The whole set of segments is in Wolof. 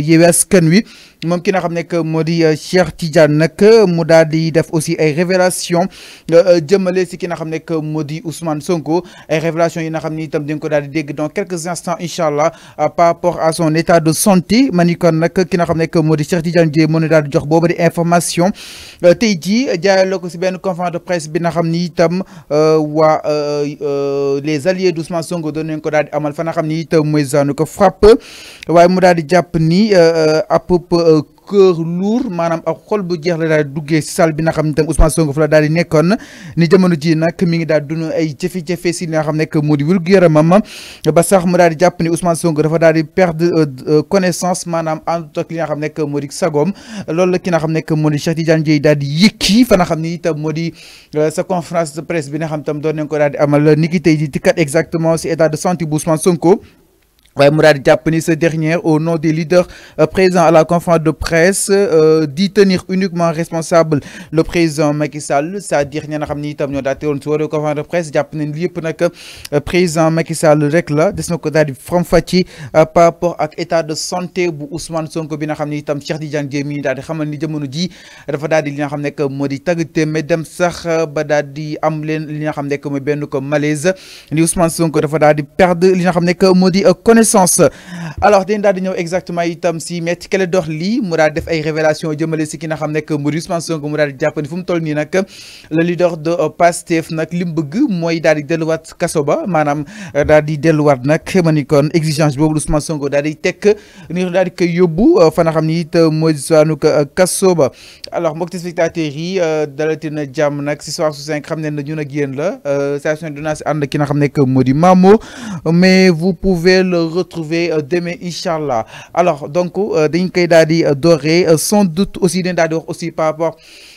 Yewwi Askan Wi moom ki nga xam nekk moo di euh, Cheikh Tidiane euh, mu def aussi ay révélation Djemele, euh, si ki n'a xam que Modi Ousmane Sonko ay révélation yi n'a xam itam di dégg dans quelques instants Inch'Allah, par rapport à son état de santé ma ni kon nag ki nga xam nekk moo Cheikh Tidiane Dièye mën na jox booba di information tey jii jaayaloo ko conférence de presse bi nga xam ni les alliés d'Ousmane Sonko doon nañ ko daal amal fa itam ko frappe waaye mu daal di ni ni ab cœur lourd manam ak xol bu jeex la daal duggee ci salle bi nga xam tam Ousmane Sonko fa daal di nekkoon ni jamono ji nak mi ngi daal dund ay jafe-jafe si li nga xam nekk moo di wérgu yaramam ba sax mu daal di japp ni Ousmane Sonko dafa daal di perdre euh, euh, connaissance maanaam àndut ak li nga xam nekk moo di loolu la ki nga xam que moo Cheikh Tidiane Dieye daal di yëkki fa nga xam tam itam euh, sa conférence de presse bi nga xam tam doon nañ ko daal di amal ni ki tay di dikkat exactement ci état de santé bu Ousmane Sonko waaye mu daal ni ce dernier au nom des leaders euh, présents à la conférence de presse euh, d'y tenir uniquement responsable le président Macky Sall c'est-à-dire ña nga xam ni itam ñoo daa teewoon si wàllu conférence de presse jàpp ne li yëpp nag euh, président Macky Sall rek la des na dal di faram fati par rapport ak état de santé bu Ousmane Sonko bi nga xam ni Cheikh Tidiane Dièye dal di xamal ni jamono ji dafa dal di li nga xamné que modi di tagte dem sax ba dal di am leen li nga xamné que mo benn ko malaise ni Ousmane Sonko dafa dal di perdre li nga xamné que modi alors Denda daal di ñëw exactement itam si mais kele dox li mu daal def ay révélation je me ki qui n'a nekk que di Ousmane Sonko mu daal di jàpp ni fu toll le leader de Pastef nag li mu bëgg mooy daal di delluwaat kaso ba maanaam euh, daal di delluwaat exigence boobu Ousmane Sonko daal ni daal que koy fana euh, fa nga xam ni it euh, alors mbokk spectateurs yi dalati na jàmm nag si soir su cinq na ñun ak yéen la station dinaa si ànd ki n'a xam que moo Mamo mais vous pouvez le retrouver euh, demain Inch'Allah. alors donc Dinké Dadi Doré, sans doute aussi dañ aussi par rapport.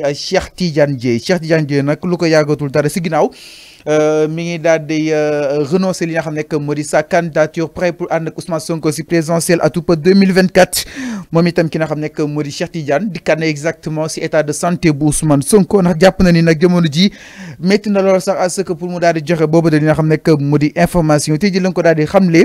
di eh, Cheikh Tidiane Dièye Cheikh Tidiane Dièye nak lu ko yàggatul dara si euh mi ngi daal di eh, renoncer li nga xamné que moo sa candidature prêt pour and Ousmane Sonko si tout atoupa 2024 moom itam ki nga xamné que moo Cheikh Tidiane di kan exactement si état de santé bu Ousmane Sonko nak japp na ni nak jamono ji metti na lool sax à ce que pour mu daal di joxe bobu de li nga xamné que moo information tey ji la ko daal di xamle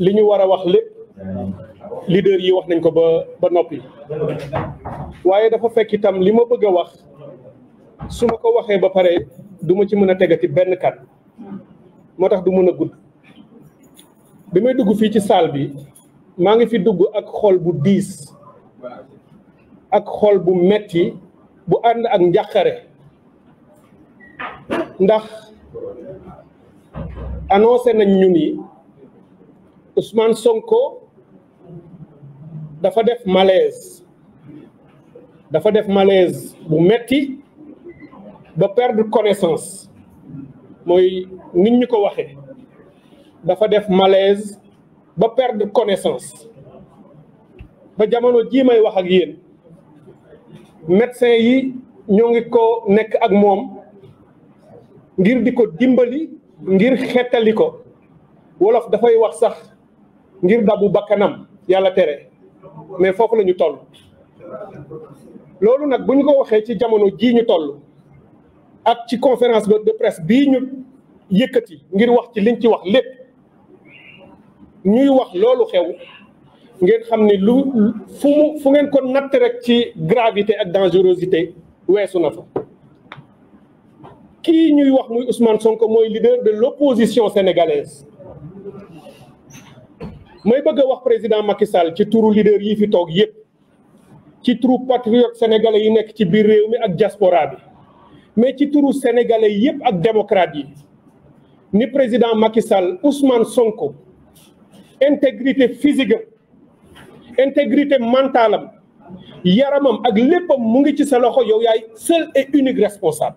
li wara war wax lépp leader yi wax nañ ko ba ba noppi waaye dafa fekk itam li bëgg wax ko ba pare duma ma ci mën a tegati benn kat moo tax du mën a gudd bi may dugg fii ci salle bi maa ngi fi dugg ak xol bu ak xol bu metti bu ak ndax annoncé nañ ñu ni Ousmane Sonko dafa def malaise dafa def malaise bu metti ba perdre connaissance mooy nit ñu ko waxee dafa def malaise ba perdre connaissance ba jamono jii may wax ak yéen médecin yi ñoo ngi ko nekk ak moom ngir di ko dimbali ngir xettali ko wolof dafay wax sax ngir y a yalla mais toll ko ci jamono toll ak ci conférence de presse nous ñu yëkëti ngir wax ci liñ ci wax ñuy wax xew ngeen lu fu gravité ak dangerosité fa Ki ñuy wax muy Ousmane Sonko leader de l'opposition sénégalaise may bëgg a wax président Macky Sall ci tour leader yi fi toog yépp ci turu patriote sénégalais yi nekk ci biir réew mi ak diaspora bi mais ci turu sénégalais yépp ak démocrate yi ni président Macky Sall Ousmane Sonko intégrité physique am intégrité mentale yaramam ak léppam mu ngi ci sa loxo yow yaay seul et unique responsable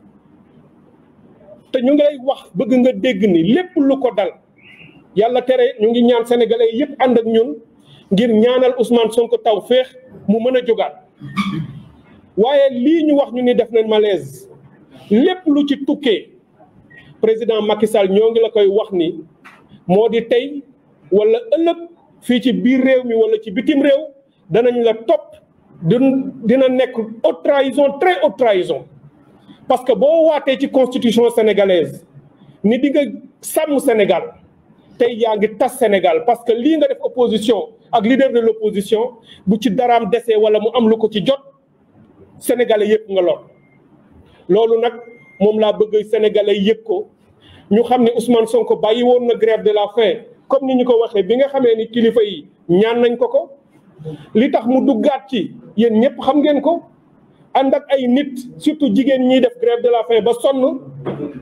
te ñu ngi lay wax bëgg nga dégg ni lépp lu ko dal. yàlla tere ñu ngi ñaan sénégalais yëpp ànd ak ñun ngir ñaanal Ousmane Sonko taw féex mu mën a jógaat waaye lii ñu wax ñu ni def nañ malaise lépp lu ci tukkee président Macky Sall ñoo ngi la koy wax ni moo di tey wala ëllëg fii ci biir réew mi wala ci bitim réew danañ la topp dina nekk haute trahison très haute trahison parce que boo waatee ci constitution sénégalaise ni di nga sàmm Sénégal tay yaa ngi tas Sénégal parce que li nga def opposition ak leader de l'opposition bu ci daraam desee wala mu am lu ko ci jot sénégalais yépp nga lor loolu nak mom la bëgg sénégalais yëg ko ñu xam Ousmane Sonko bayyi won na grève de la faim comme ni ñu ko waxé bi nga xamé ni kilifa yi ñaan nañ ko ko li tax mu duggaat ci yeen ñepp xam ngeen ko ànd ak ay nit surtout jigen ñi def grève de la faim ba sonu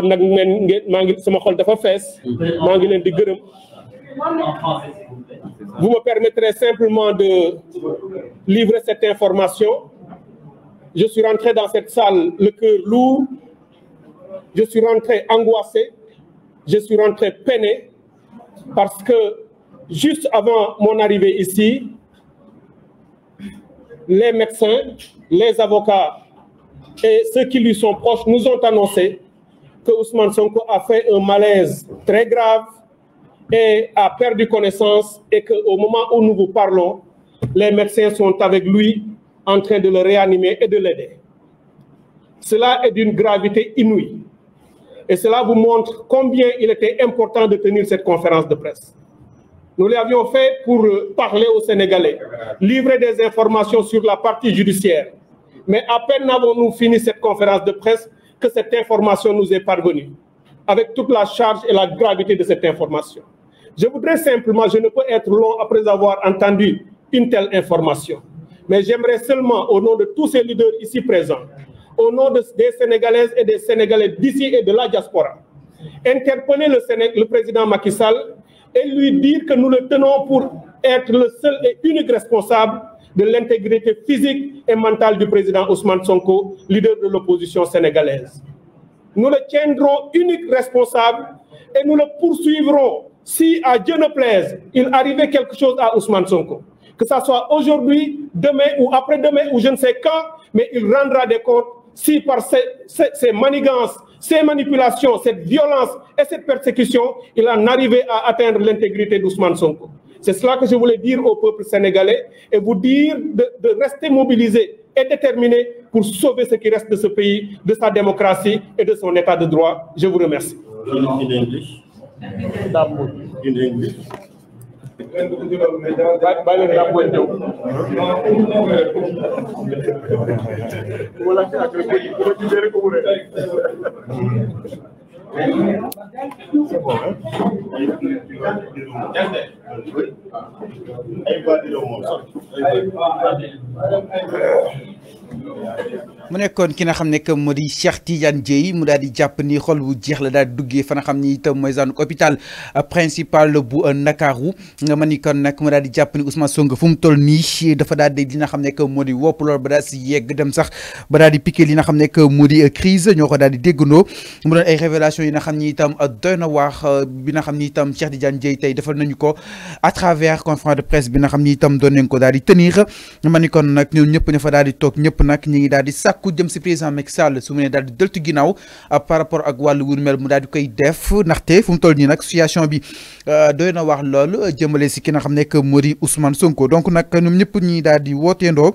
vous me permettrez simplement de livrer cette information je suis rentré dans cette salle le cœur lourd je suis rentré angoissé je suis rentré peiné parce que juste avant mon arrivée ici les médecins les avocats et ceux qui lui sont proches nous ont annoncé que Ousmane Sonko a fait un malaise très grave et a perdu connaissance et qu'au moment où nous vous parlons, les médecins sont avec lui en train de le réanimer et de l'aider. Cela est d'une gravité inouïe. Et cela vous montre combien il était important de tenir cette conférence de presse. Nous l'avions fait pour euh, parler aux Sénégalais, livrer des informations sur la partie judiciaire. Mais à peine avons-nous fini cette conférence de presse que cette information nous est parvenue, avec toute la charge et la gravité de cette information. Je voudrais simplement, je ne peux être long après avoir entendu une telle information, mais j'aimerais seulement, au nom de tous ces leaders ici présents, au nom des Sénégalaises et des Sénégalais d'ici et de la diaspora, interpeller le, le président Macky Sall et lui dire que nous le tenons pour être le seul et unique responsable de l'intégrité physique et mentale du président Ousmane Sonko, leader de l'opposition sénégalaise. Nous le tiendrons unique responsable et nous le poursuivrons si, à Dieu ne plaise, il arrivait quelque chose à Ousmane Sonko. Que ce soit aujourd'hui, demain ou après-demain ou je ne sais quand, mais il rendra des comptes si par ses ces manigances ces manipulations, cette violence et cette persécution, il en arrivait à atteindre l'intégrité d'Ousmane Sonko. C'est cela que je voulais dire au peuple sénégalais et vous dire de, rester mobilisé et déterminé pour sauver ce qui reste de ce pays, de sa démocratie et de son état de droit. Je vous remercie. Euh, bàyyi leen naa booy ñëw wala ci ak rek ko ko ci dere ko wure ay badi do mo mu nekkoon ki na xam ne que moo di Cheikh Tidiane Dieye mu daal di jàpp ni xol bu jeex la daal duggee fa nga xam ni itam mooy zanu hôpital principal bu Ndakaaru nga ma ni kon nag mu daal di jàpp ni Ousmane Sonko fu mu toll nii dafa daal di li nga xam ne que moo di wopp lool ba daal si yegg dem li nga xam ne que moo di ko daal déggandoo mu doon ay révélation xam ni itam doy na waax bi nga xam ni itam Cheikh Tidiane Dieye tey defal nañu ko à travers conférence de presse bi nga xam ni itam doon nañ ko daal di tenir ma ni kon nag ñëpp ña fa daal di toog ñëpp nag ñi ngi daal di ku jëm si président Macky Sall su mu ne daal di deltu ginnaaw euh, par rapport ak wàll wur mel mu daal di koy def ndaxte fu mu toll nii nag situation bi euh, doy na wax lool jëmale si ki nga xam nekk moo di Ousmane Sonko donc nag ñoom ñëpp ñi daal di wooteendoo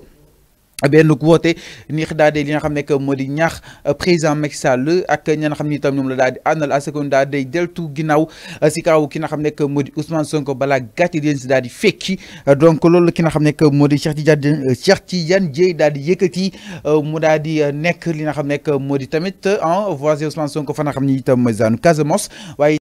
benn woote ni daal di li nga xam ne que moo di ñaax président Macky Sall ak ñi na xam ni itam ñoom la daal di àndal à ce que daal di deltu ginnaaw si kaw ki na xam ne que moo di Ousmane Sonko balaa gàcce di daal di fekki donc loolu ki na xam ne que moo di Cheikh Tidiane Cheikh Tidiane Dièye daal di yëkkati mu daal di nekk li nga xam ne moo di tamit en voisin Ousmane Sonko fa nga xam ne itam mooy zaanu Casamance waaye.